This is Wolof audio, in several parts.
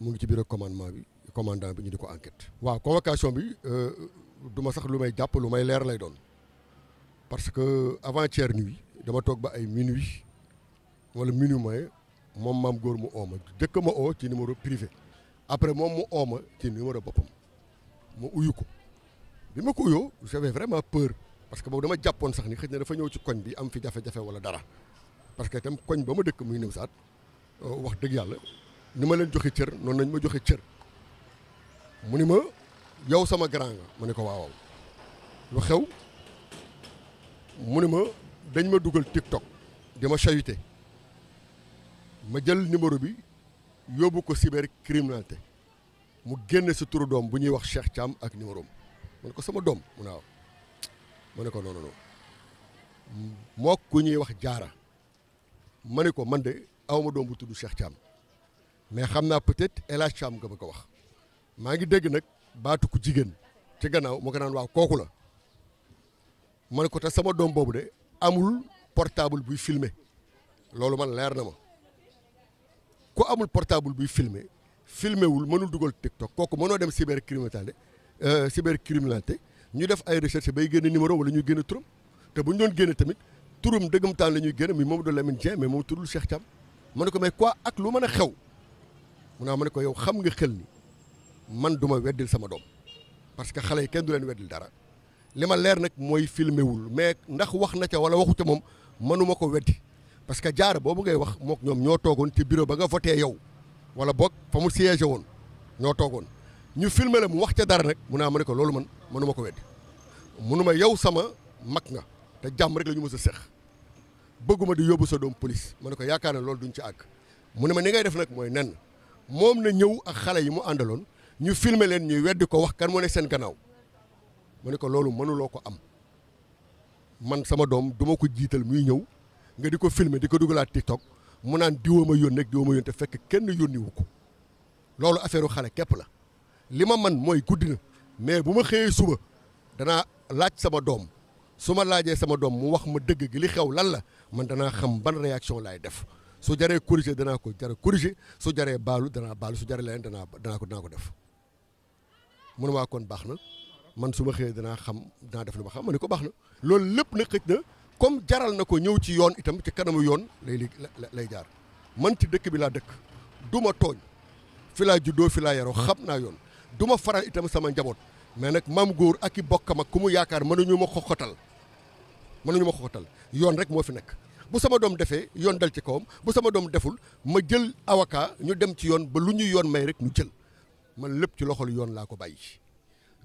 mu ngi ci biir commandement bi commandant bi ñu di ko enquête. waaw convocation bi euh, du ma sax lu may jàpp lu may leer lay doon parce que avant-hier nuit dama toog ba ay minuit wala minuit mooy moom maam góor mu ooma jëkk ma oo ci numéro privé après moom mu ooma ci numéro boppam mu uyu ko bi ma ko uyoo j'avais vraiment peur parce que boobu dama jàppoon sax ni xëy na dafa ñëw ci koñ bi am fi jafe-jafe wala dara parce que tam koñ ba ma dëkk muy néew saat euh, wax dëgg yàlla. ni ma leen joxe cër noonu nañ ma joxe cër mu ni ma yow sama grand ma ne ko waaw lu xew mu ni ma dañ ma dugal TikTok di ma sayute ma jël numéro bi yóbbu ko cybercriminalité mu génn si turu doom bu ñuy wax Cheikh Thiam ak numéro ma ne ko sama doom mu ne waaw ma ne ko non non moo ku ñuy wax jaara ma ne ko man de awma doom bu tudd Cheikh Thiam mais xam naa peut-être El Hadj Thiam nga bëgg a wax maa ngi dégg nag baatu ku jigéen ci gannaaw moo ko naan waaw kooku la ma ne ko te sama doom boobu de amul portable buy filmer loolu man leer na ma ku amul portable buy filmer filmer wul mënul dugal TikTok kooku mënoo dem cybercriminalité euh, cybercriminalité ñu def ay recherche bay génne numéro wala ñuy génne turam te bu ñu doon génne tamit turam dëggam taan la ñuy génne mi moom du Lamine Dieng mais moom turul Cheikh Thiam ma ne ko mais quoi ak lu mën a xew. mun naa ma ne ko yow xam nga xel ni man du ma weddil sama doom parce que xale yi kenn du leen weddil dara li ma leer nag mooy filmé wul mais ndax wax na ca wala waxu ca moom mënuma ko weddi parce que jaara boobu ngay wax mook ñoom ñoo toogoon ci bureau ba nga voté yow wala boog fa mu woon ñoo toogoon ñu filmé la mu wax ca dara nag mun naa ma ne ko loolu man mënuma ko weddi mënuma yow sama mag nga te jàmm rek la ñu mës a seq bëgguma di yóbbu sa doom police ma ne ko yaakaar na loolu duñ ci àgg mu ne ma ni ngay def nag mooy nen moom na ñëw ak xale yi mu àndaloon ñu filmer leen ñuy weddi ko wax kan moo ne seen gannaaw mu ne ko loolu mënuloo ko am man sama doom duma ko jiital muy ñëw nga di ko filmer di ko dugalaat TikTok mu naan diwooma yónni ak diwooma yónni te fekk kenn yónniwu ko loolu affaire xale képp la li ma man mooy guddi na mais bu ma xëyee suba danaa laaj sama doom su ma laajee sama doom mu wax ma dëgg gi li xew lan la man danaa xam ban réaction laay def su jaree corriger danaa ko jar corriger su jaree baalu danaa baalu su jaree leneen danaa danaa ko danaa ko def mu kon baax na man su ma xëyee danaa xam danaa def lu ma xam ma ne ko baax na loolu lépp na xëj na comme jaral na ko ñëw ci yoon itam ci kanamu yoon lay li lay jaar man ci dëkk bi laa dëkk du ma tooñ fi laa juddoo fi laa yaroo xam naa yoon du ma faral itam sama njaboot mais nag maam góor ak i bokkam ak ku mu yaakaar mënuñu ma xoxotal mënuñu ma xoxotal yoon rek moo fi nekk bu sama doom defee yoon dal ci kawam bu sama doom deful ma jël avocat ñu dem ci yoon ba lu ñuy yoon may rek ñu jël man lépp ci loxol yoon laa ko bàyyi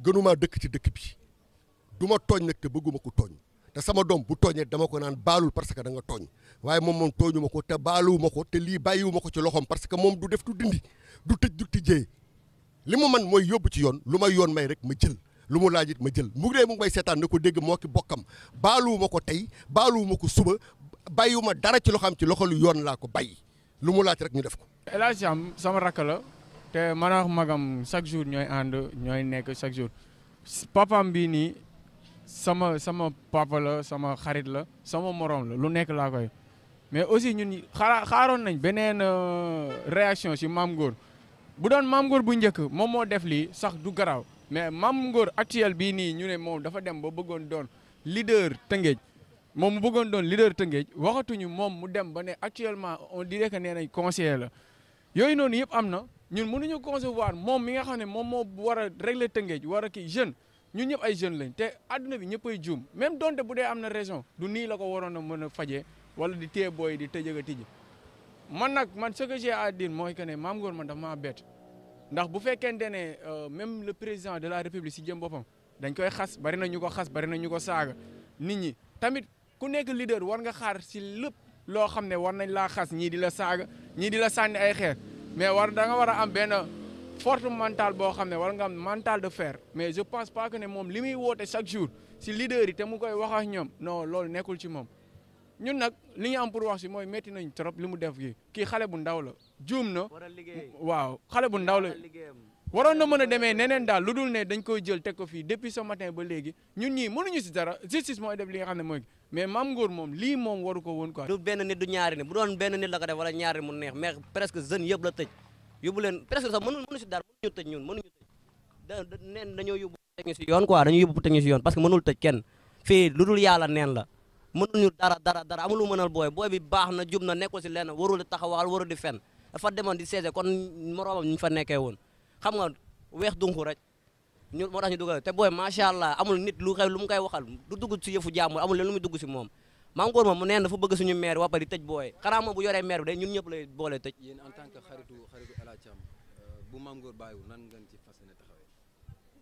gënumaa dëkk ci dëkk bi du ma tooñ nag te bëgguma ko tooñ te sama doom bu tooñee dama ko naan baalul parce que da nga tooñ waaye moom moom tooñu ma ko te baaluwu ma ko te lii bàyyiwuma ko ci loxoom parce que moom du def du dindi du tëj du tijjee li mu man mooy yóbbu ci yoon lu may yoon may rek ma jël lu mu laaj it ma jël mu dee mu may seetaan ko dégg moo bokkam baaluwu ma ko tey baaluwu ko suba bàyyiwuma dara ci loo xam ci loxolu yoon laa ko bay lu mu laaj rek ñu def ko. El Hadj sama rakk la te man magam chaque jour ñooy ànd ñooy nekk chaque jour papam bii nii sama sama papa la sama xarit la sama morom la lu nekk laa koy mais aussi ñun xaaraa xaaroon nañ beneen euh, réaction si maam Ngor bu doon maam Ngor bu njëkk moom moo def lii sax du garaaw mais maam Ngor actuel bii nii ñu ne moom dafa dem ba bëggoon doon leader Tëngéej. moom mu bëggoon doon leader Tëngéej waxatuñu moom mu dem ba ne actuellement on dirait que nee nañ conseiller la yooyu noonu yëpp am na ñun mënuñu concevoir moom mi nga xam ne moom moo war a régler Tëngéej war a kii jeune ñun ñëpp ay jeune lañ te àdduna bi ñëpp ay juum même donte bu dee am na raison du nii la ko waroon a mën a fajee wala di téye booy di tëjëg a tijji man nag man ce que j'ai à dire mooy que ne maam Ngor man dafa maa bet ndax bu fekkente ne euh, même le président de la république jëm boppam dañ koy xas bari na ñu ko xas bari na ko saaga nit ñi tamit. ku nekk leader war nga xaar si lépp loo xam ne war nañ laa xas ñii di la saaga ñii di la sànni ay xeer mais war da nga war a am benn forte mental boo xam ne war nga am mental de fer mais je pense pas que ne moom li muy woote chaque jour si leader yi te mu koy wax ak ñoom noo loolu nekkul ci moom. ñun nag li ñu am pour wax si mooy métti nañ trop li mu def gi kii xale bu ndaw la juum na waaw xale bu ndaw la waroon na mën a demee neneen daal lu dul ne dañ koy jël teg ko fii depuis ce matin ba léegi ñun ñii mënuñu si dara justice mooy def li nga xam ne mooy mais Mame Ngor moom lii moom waru ko woon quoi. du benn nit du ñaari nit bu doon benn nit la ko def wala ñaari mu neex mais presque jeunes yëpp la tëj yóbbu leen presque sax mënu mënu si dara mënuñu tëj ñun neen dañoo yóbbu teg si yoon quoi dañoo yóbbu teg si yoon parce que mënul tëj kenn fii lu dul yàlla neen la mënul ñu dara dara dara amul lu mënal booy booy bi baax na jub na nekkul si lenn warul di taxawaal warul di fen dafa demoon di seese kon moroomam ñu fa nekkee woon xam nga weex dunku rek ñu moo tax ñu dugal te booy macha allah amul nit lu xew lu mu koy waxal du dugg si yëfu jàmbur amul leen lu dugg si moom maa ngóor ma mu neen dafa bëgg suñu maire waa pare tëj booy xanaa moom bu yore maire bi de ñun ñëpp lay boole tëj. yéen en tant que xaritu xaritu El Hadj Thiam euh, bu Mame Ngor bàyyiwul nan ngeen ci fas yéene taxawee.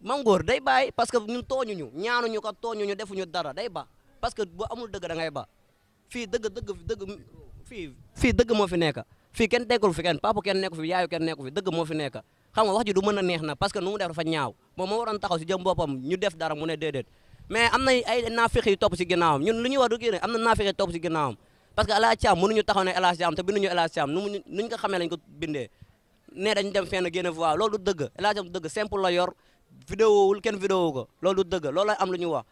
Mame Ngor day bàyyi parce que ñun tooñuñu ñaanuñu ko tooñuñu defuñu dara day ba parce que boo amul dëgg dangay ngay ba fii dëgg dëgg dëgg fii fii dëgg moo fi nekk fii kenn dekkul fi kenn papa kenn nekku fi yaayu kenn nekku fi dëgg moo fi nekk xam nga wax ji du mën a neex na parce nu mu def dafa ñaaw moom moo waroon taxaw si jëm boppam ñu def dara mu ne déedéet mais am na ay topp si ginnaawam ñun lu ñuy wax du génne am na naafiq yu te binduñu El ñu ko xamee lañ ko bindee loolu dëgg El Hadj dëgg simple la yor vidéowul kenn vidéo ko loolu dëgg loolu am lu ñu wax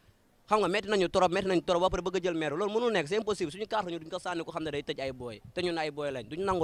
xam nga métti nañu trop métti nañu trop ba pare bëgg a jël loolu mënul nekk c'est impossible suñu ñu duñ ko sànni ko xam ne